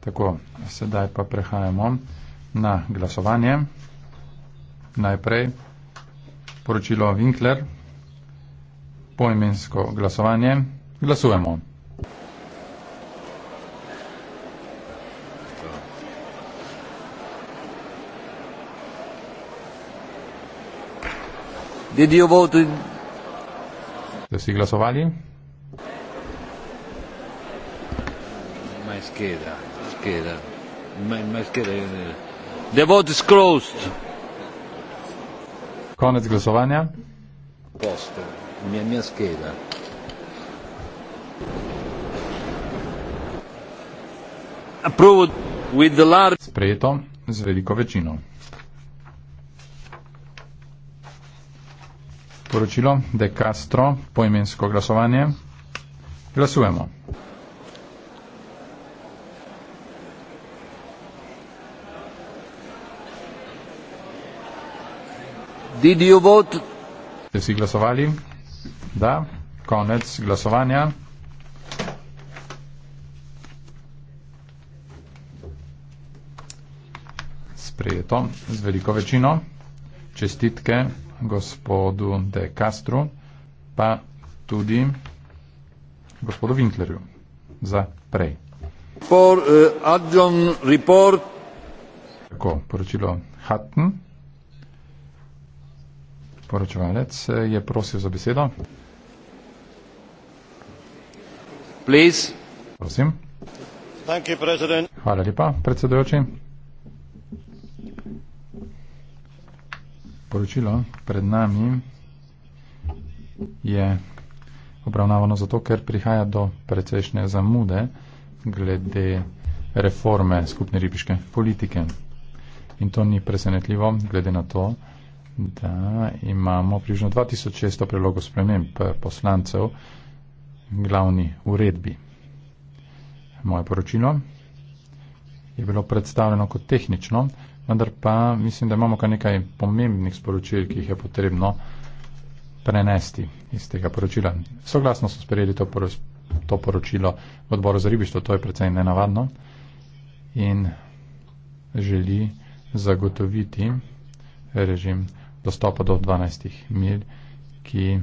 Tako, sedaj pa prehajamo na glasovanje. Najprej poročilo Winkler, poimensko glasovanje. Glasujemo. Did you vote in? Ste si glasovali? Ma scheda maschera. Ma- maschera The vote is closed. Konec glasovanja. Posto. Mia mia scheda. Approved with the large... Sprejeto z veliko večino. Poročilo De Castro, poimensko glasovanje. Glasujemo. Did you vote? Ste vsi glasovali? Da. Konec glasovanja. Sprejeto z veliko večino. Čestitke gospodu De Castro, pa tudi gospodu Winklerju za prej. For, uh, Tako, poročilo Hutton poročevalec eh, je prosil za besedo. Please. Prosim. Thank you, President. Hvala lepa, predsedujoči. Poročilo pred nami je obravnavano zato, ker prihaja do precejšnje zamude glede reforme skupne ribiške politike. In to ni presenetljivo, glede na to, da imamo približno 2600 prelogov sprememb eh, poslancev glavni uredbi. Moje poročilo je bilo predstavljeno kot tehnično, vendar pa mislim, da imamo kar nekaj pomembnih sporočil, ki jih je potrebno prenesti iz tega poročila. Soglasno so sprejeli to, poro, to poročilo v odboru za ribištvo, to je predvsej nenavadno in želi zagotoviti režim dostopa do 12 mil, ki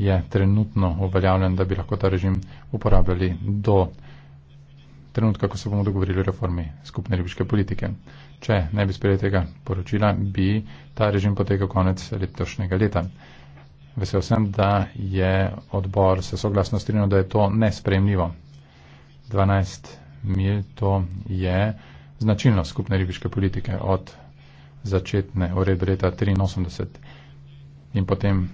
je trenutno uveljavljen, da bi lahko ta režim uporabljali do trenutka, ko se bomo dogovorili o reformi skupne ribiške politike. Če ne bi sprejeli tega poročila, bi ta režim potekal konec letošnjega leta. Vesel sem, da je odbor se soglasno strinil, da je to nespremljivo. 12 mil to je značilnost skupne ribiške politike od začetne uredbe leta 83 in potem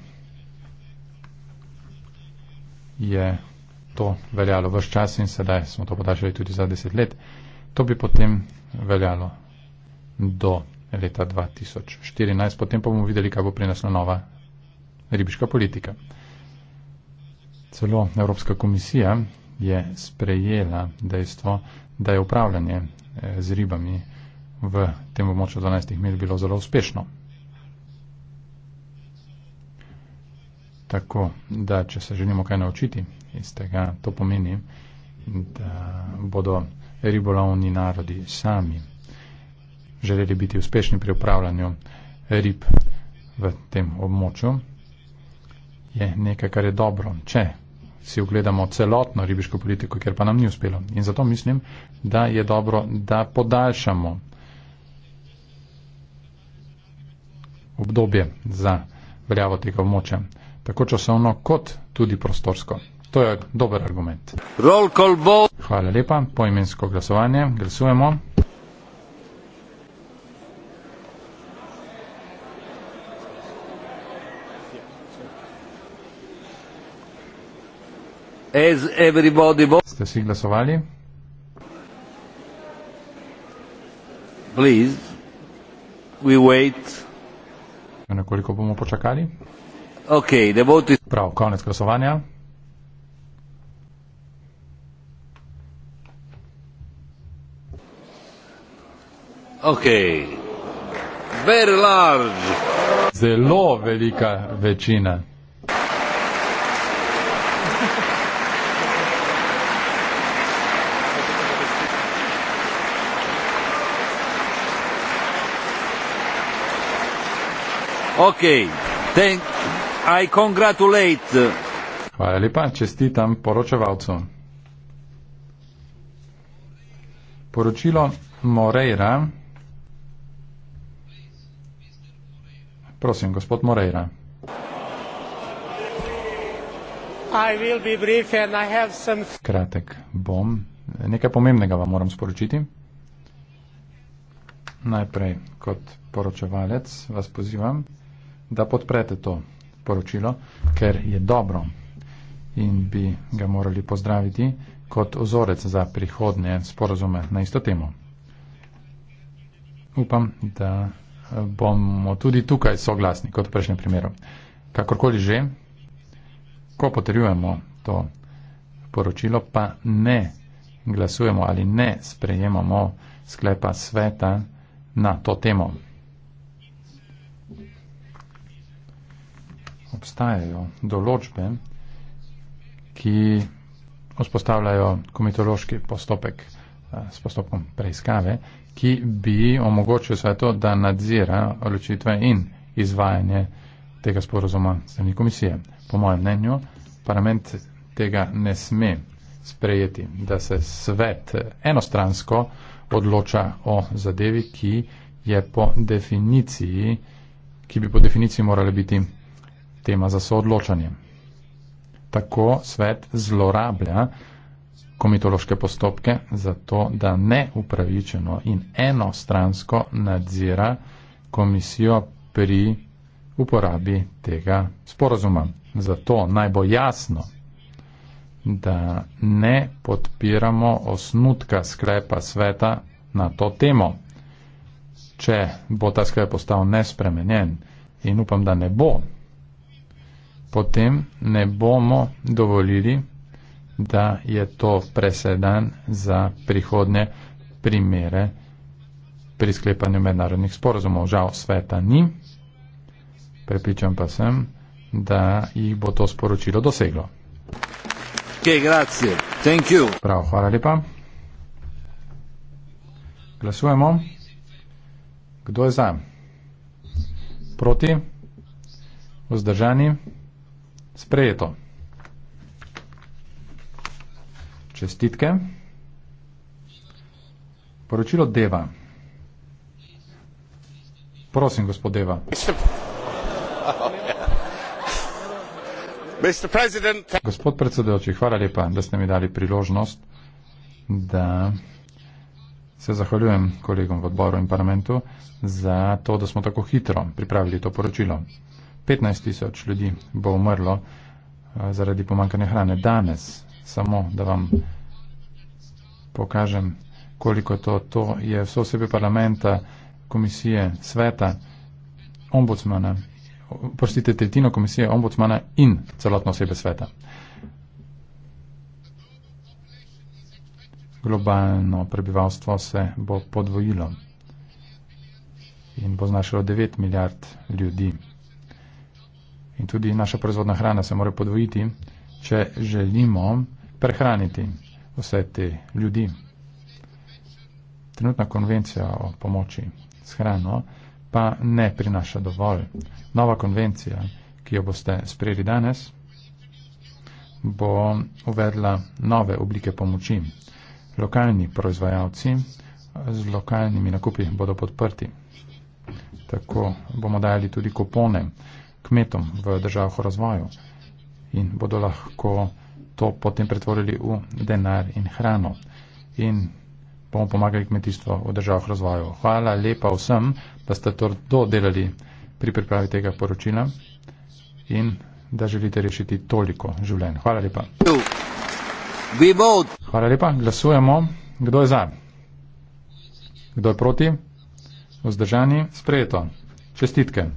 je to veljalo vse čas in sedaj smo to podaljšali tudi za 10 let. To bi potem veljalo do leta 2014, potem pa bomo videli, kaj bo prinesla nova ribiška politika. Celo Evropska komisija je sprejela dejstvo, da je upravljanje eh, z ribami v tem območju 12 mil bilo zelo uspešno. Tako da, če se želimo kaj naučiti iz tega, to pomeni, da bodo ribolovni narodi sami želeli biti uspešni pri upravljanju rib v tem območju, je nekaj, kar je dobro, če si ogledamo celotno ribiško politiko, ker pa nam ni uspelo. In zato mislim, da je dobro, da podaljšamo obdobje za veljavo tega območja, tako časovno kot tudi prostorsko. To je dober argument. Hvala lepa. Poimensko glasovanje. Glasujemo. Ste vsi glasovali? Please, we wait. Nekoliko bomo počakali. Ok, da bo ti. Prav, konec glasovanja. Ok, very large. Zelo velika večina. Okay. Thank, I congratulate. Hvala lepa, čestitam poročevalcom. Poročilo Moreira. Prosim, gospod Moreira. Some... Kratek bom. Nekaj pomembnega vam moram sporočiti. Najprej kot poročevalec vas pozivam da podprete to poročilo, ker je dobro in bi ga morali pozdraviti kot ozorec za prihodne sporozume na isto temo. Upam, da bomo tudi tukaj soglasni kot v prejšnjem primeru. Kakorkoli že, ko potrjujemo to poročilo, pa ne glasujemo ali ne sprejemamo sklepa sveta na to temo. obstajajo določbe, ki vzpostavljajo komitološki postopek eh, s postopkom preiskave, ki bi omogočil sveto, da nadzira odločitve in izvajanje tega sporozuma strani komisije. Po mojem mnenju, parlament tega ne sme sprejeti, da se svet enostransko odloča o zadevi, ki je po definiciji, ki bi po definiciji morala biti tema za soodločanje. Tako svet zlorablja komitološke postopke zato, da neupravičeno in enostransko nadzira komisijo pri uporabi tega sporozuma. Zato naj bo jasno, da ne podpiramo osnutka sklepa sveta na to temo. Če bo ta sklep postal nespremenjen in upam, da ne bo, potem ne bomo dovolili, da je to presedan za prihodne primere pri sklepanju mednarodnih sporozumov. Žal sveta ni, prepričam pa sem, da jih bo to sporočilo doseglo. Okay, Prav, hvala lepa. Glasujemo. Kdo je za? Proti? Vzdržani? Sprejeto. Čestitke. Poročilo Deva. Prosim, gospod Deva. Gospod predsedujoči, hvala lepa, da ste mi dali priložnost, da se zahvaljujem kolegom v odboru in parlamentu za to, da smo tako hitro pripravili to poročilo. 15 tisoč ljudi bo umrlo eh, zaradi pomankanja hrane. Danes, samo da vam pokažem, koliko je to, to je vse osebe parlamenta, komisije, sveta, ombudsmana, prostite, tretjino komisije, ombudsmana in celotno osebe sveta. Globalno prebivalstvo se bo podvojilo in bo znašalo 9 milijard ljudi in tudi naša proizvodna hrana se mora podvojiti, če želimo prehraniti vse te ljudi. Trenutna konvencija o pomoči s hrano pa ne prinaša dovolj. Nova konvencija, ki jo boste sprejeli danes, bo uvedla nove oblike pomoči. Lokalni proizvajalci z lokalnimi nakupi bodo podprti. Tako bomo dajali tudi kupone kmetom v državah v razvoju in bodo lahko to potem pretvorili v denar in hrano in bomo pomagali kmetijstvo v državah v razvoju. Hvala lepa vsem, da ste to dodelali pri pripravi tega poročila in da želite rešiti toliko življenj. Hvala lepa. Hvala lepa, glasujemo. Kdo je za? Kdo je proti? Vzdržani? Sprejeto. Čestitke.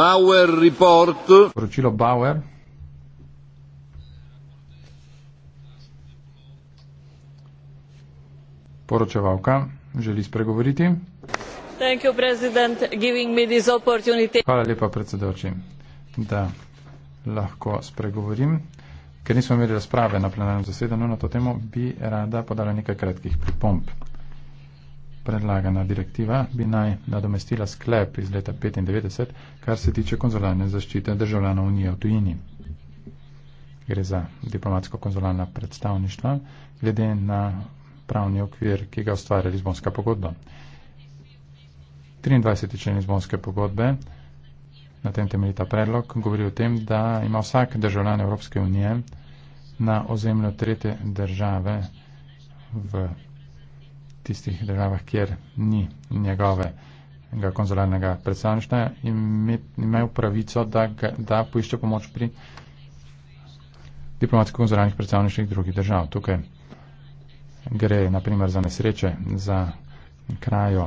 Bauer Report. Poročilo Bauer. Poročevalka želi spregovoriti. You, Hvala lepa, predsedoči, da lahko spregovorim. Ker nismo imeli razprave na plenarnem zasedanju na to temo, bi rada podala nekaj kratkih pripomb. Predlagana direktiva bi naj nadomestila sklep iz leta 1995, kar se tiče konzularne zaščite državljanov Unije v tujini. Gre za diplomatsko-konzularna predstavništva, glede na pravni okvir, ki ga ustvarja Lizbonska pogodba. 23. člen Lizbonske pogodbe, na tem temelji ta predlog, govori o tem, da ima vsak državljan Evropske unije na ozemlju tretje države v tistih državah, kjer ni njegovega konzularnega predstavništva in imajo pravico, da, da poišče pomoč pri diplomatsko-konzularnih predstavništvih drugih držav. Tukaj gre naprimer za nesreče, za krajo,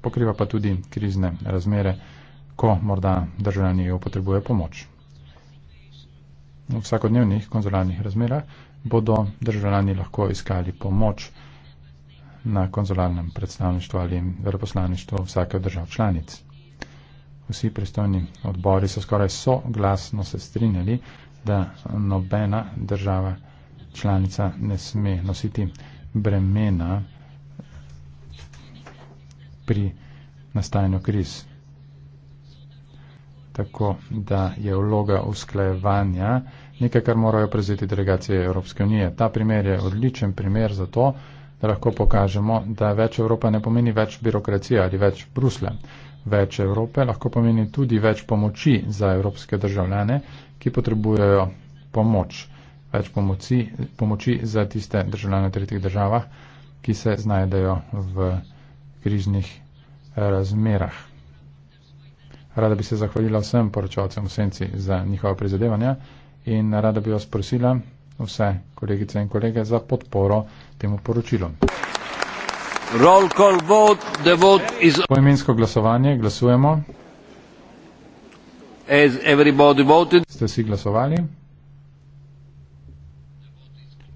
pokriva pa tudi krizne razmere, ko morda državljani jo potrebuje pomoč. V vsakodnevnih konzularnih razmerah bodo državljani lahko iskali pomoč na konzularnem predstavništvu ali veleposlaništvu vsake od držav članic. Vsi pristojni odbori so skoraj soglasno se strinjali, da nobena država članica ne sme nositi bremena pri nastajanju kriz. Tako da je vloga usklajevanja nekaj, kar morajo prezeti delegacije Evropske unije. Ta primer je odličen primer za to, lahko pokažemo, da več Evrope ne pomeni več birokracije ali več Brusle. Več Evrope lahko pomeni tudi več pomoči za evropske državljane, ki potrebujejo pomoč. Več pomoči, pomoči za tiste državljane v tretjih državah, ki se znajdejo v križnih razmerah. Rada bi se zahvalila vsem poročalcem v senci za njihova prizadevanja in rada bi vas prosila, vse kolegice in kolege za podporo temu poročilu. Vote, vote is... Po imensko glasovanje glasujemo. Ste si glasovali?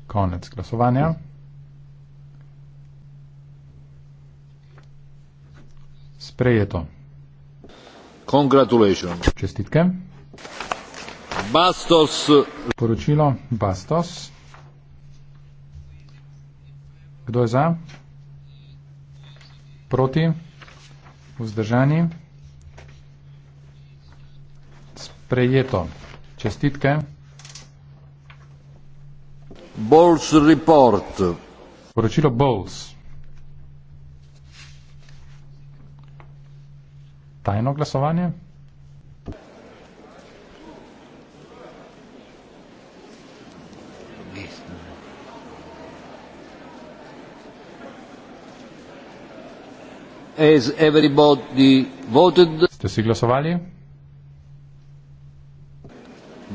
Konec glasovanja. Sprejeto. Čestitke. Bastos. Poročilo Bastos. Kdo je za? Proti? Vzdržani? Sprejeto. Čestitke. Bowles report. Poročilo Bowles. Tajno glasovanje? Ste si glasovali?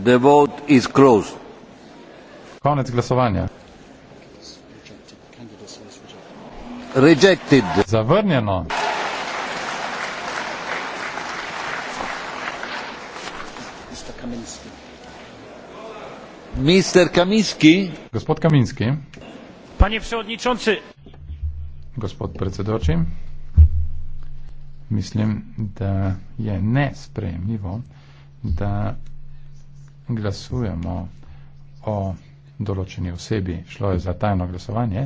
The vote is closed. Konec glasovanja. Rejected. Zavrnjeno. Mr. Kaminski. Gospod Kaminski. Panie przewodniczący. Gospod predsedoczy mislim, da je nesprejemljivo, da glasujemo o določeni osebi. Šlo je za tajno glasovanje,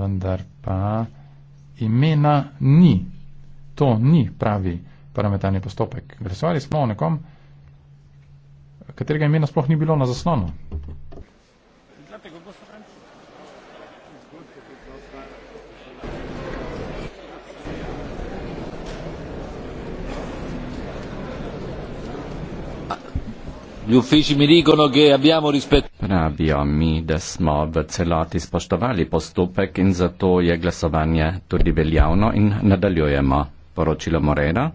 vendar pa imena ni. To ni pravi parlamentarni postopek. Glasovali smo o nekom, katerega imena sploh ni bilo na zaslonu. Gli uffici mi dicono che abbiamo rispettato. Pravio mi, da smo v celoti spoštovali postopek in zato je glasovanje tudi veljavno in nadaljujemo. Poročilo Morena.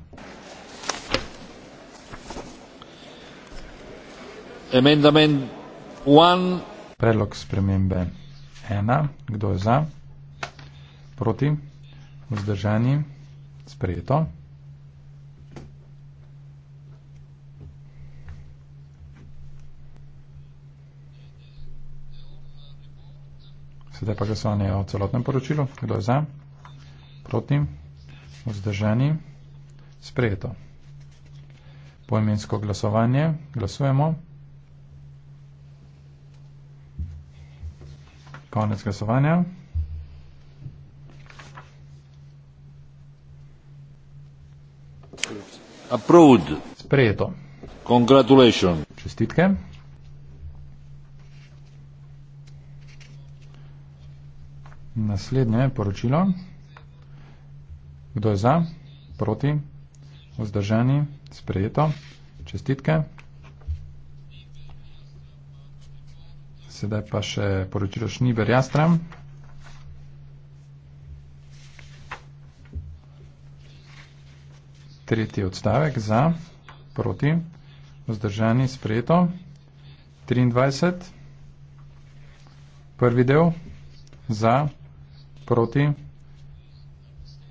Amendment 1. Predlog spremembe 1. Kdo je za? Proti? Vzdržani? Sprejeto. Sedaj pa glasovanje o celotnem poročilu. Kdo je za? Proti? Vzdržani? Sprejeto. Pojmensko glasovanje. Glasujemo. Konec glasovanja. Approved. Sprejeto. Congratulations. Čestitke. Naslednje poročilo. Kdo je za? Proti? Vzdržani? Sprejeto? Čestitke? Sedaj pa še poročilo Šniber Jastra. Tretji odstavek za, proti, vzdržani, sprejeto. 23, prvi del, za, proti,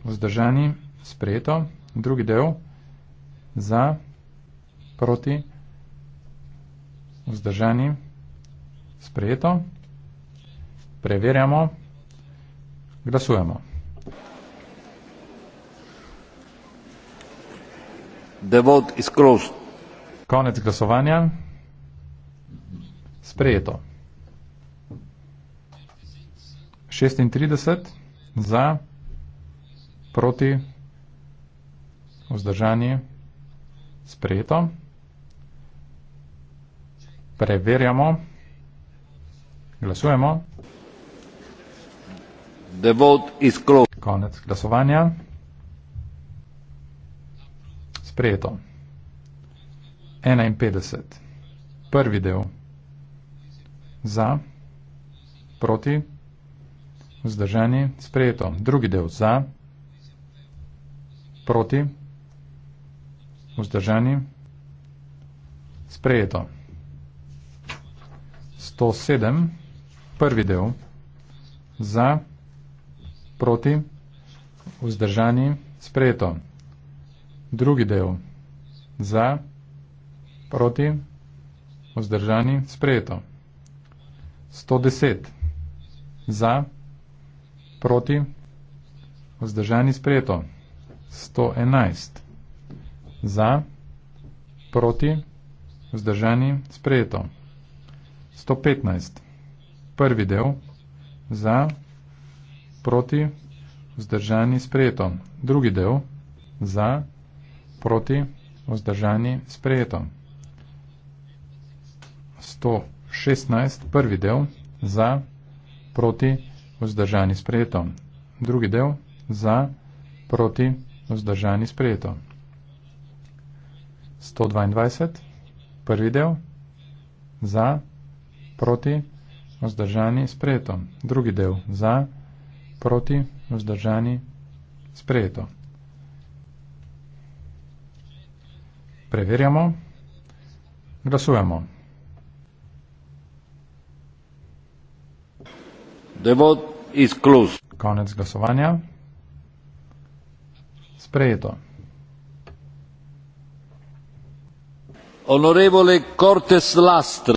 vzdržani, sprejeto. Drugi del, za, proti, vzdržani, sprejeto. Preverjamo, glasujemo. The vote is closed. Konec glasovanja. Sprejeto. 36 za, proti, vzdržanje, sprejeto. Preverjamo, glasujemo. The vote is closed. Konec glasovanja. Sprejeto. 51. Prvi del. Za. Proti. Vzdržani, sprejeto. Drugi del za, proti, vzdržani, sprejeto. 107, prvi del, za, proti, vzdržani, sprejeto. Drugi del, za, proti, vzdržani, sprejeto. 110, za, proti, vzdržani, sprejeto proti, vzdržani sprejeto, 111, za, proti, vzdržani sprejeto, 115, prvi del, za, proti, vzdržani sprejeto, drugi del, za, proti, vzdržani sprejeto, 116, prvi del, za, proti, vzdržani sprejeto, vzdržani sprejeto. Drugi del za, proti, vzdržani sprejeto. 122. Prvi del za, proti, vzdržani sprejeto. Drugi del za, proti, vzdržani sprejeto. Preverjamo. Glasujemo. The vote is closed. Konec glasovanja. Sprejeto. Honorevole Cortes Lastra.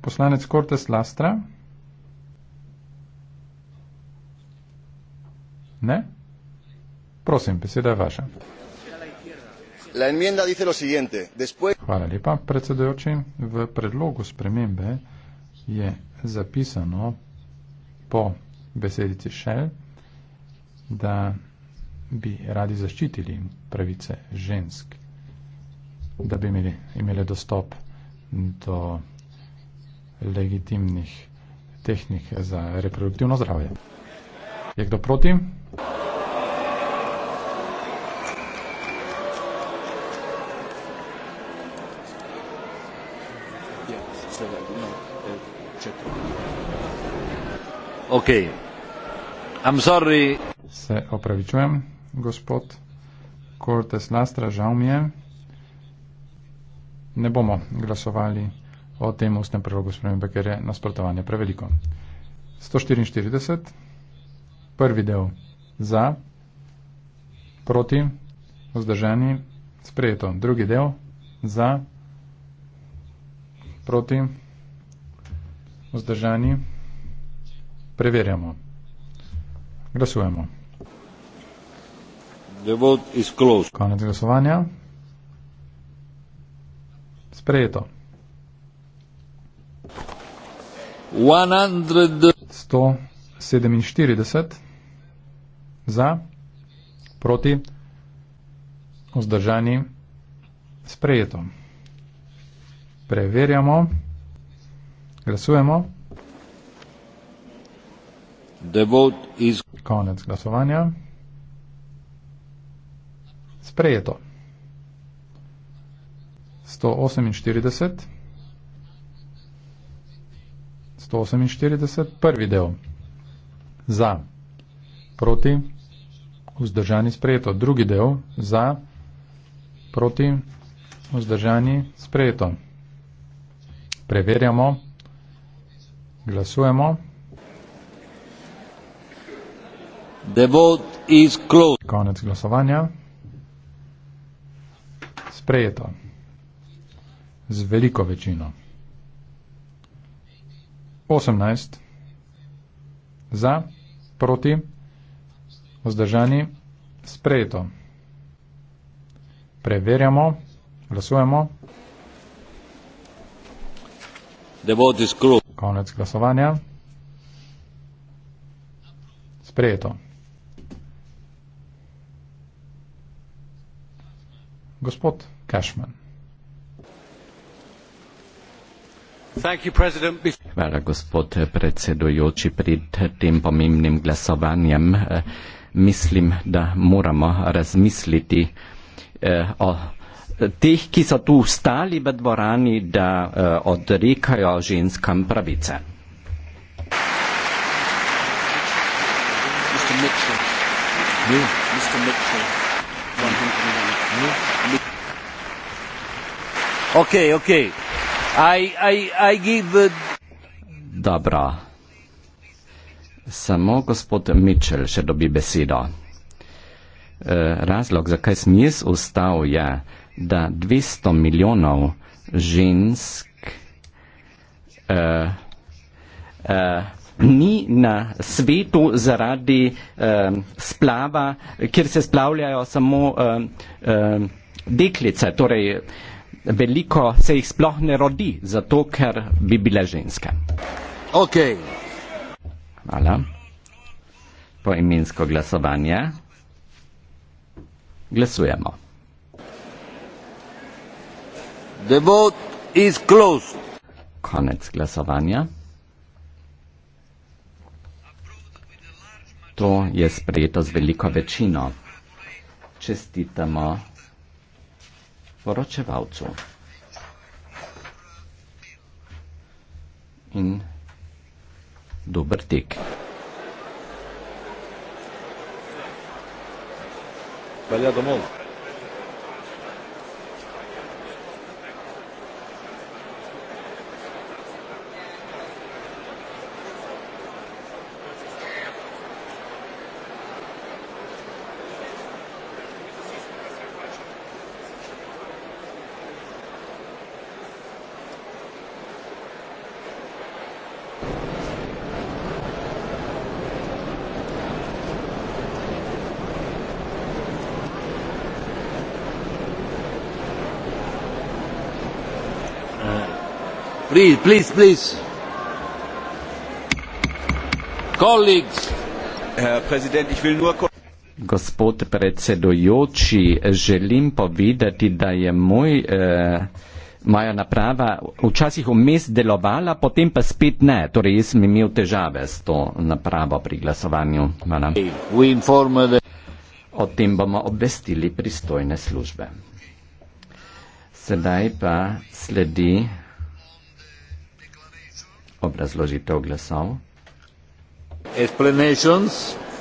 Poslanec Cortes Lastra. Ne? Prosim, beseda je vaša. La enmienda dice lo siguiente. Después... Hvala lepa, predsedujoči. V predlogu spremembe je zapisano po besedici Šel, da bi radi zaščitili pravice žensk, da bi imeli, imeli dostop do legitimnih tehnik za reproduktivno zdravje. Je kdo proti? Ok. I'm sorry. Se opravičujem, gospod Cortes Lastra, žal mi je. Ne bomo glasovali o tem ustnem prilogu spremembe, ker je nasprotovanje preveliko. 144, prvi del za, proti, vzdržani, sprejeto. Drugi del za, proti, vzdržani, sprejeto. Preverjamo. Glasujemo. Konec glasovanja. Sprejeto. 147 za, proti, vzdržani, sprejeto. Preverjamo, glasujemo. Konec glasovanja. Sprejeto. 148. 148. Prvi del. Za. Proti. Vzdržani sprejeto. Drugi del. Za. Proti. Vzdržani sprejeto. Preverjamo. Glasujemo. Konec glasovanja. Sprejeto. Z veliko večino. 18. Za, proti, vzdržani, sprejeto. Preverjamo, glasujemo. Konec glasovanja. Sprejeto. gospod Cashman. Hvala, gospod predsedujoči, pred tem pomembnim glasovanjem eh, mislim, da moramo razmisliti eh, o teh, ki so tu stali v dvorani, da eh, odrekajo ženskam pravice. Mr. Mitchell. Yeah. Okay, okay. I, I, I give a... Uh, Dobro. Samo gospod Mičel še dobi besedo. E, razlog, zakaj sem jaz ustal, je, da 200 milijonov žensk uh, uh, ni na svetu zaradi uh, splava, kjer se splavljajo samo uh, uh, deklice. Torej, uh, veliko se jih sploh ne rodi, zato ker bi bile ženske. Ok. Hvala. Poimensko glasovanje. Glasujemo. The vote is closed. Konec glasovanja. To je sprejeto z veliko večino. Čestitamo poročevalcu. In dober tek. Valja domov. please, please, please. Colleagues. Gospod predsedujoči, želim povedati, da je moj, eh, moja naprava včasih vmes delovala, potem pa spet ne. Torej, jaz sem imel težave s to napravo pri glasovanju. Hvala. Eh, o tem bomo obvestili pristojne službe. Sedaj pa sledi obrazložitev glasov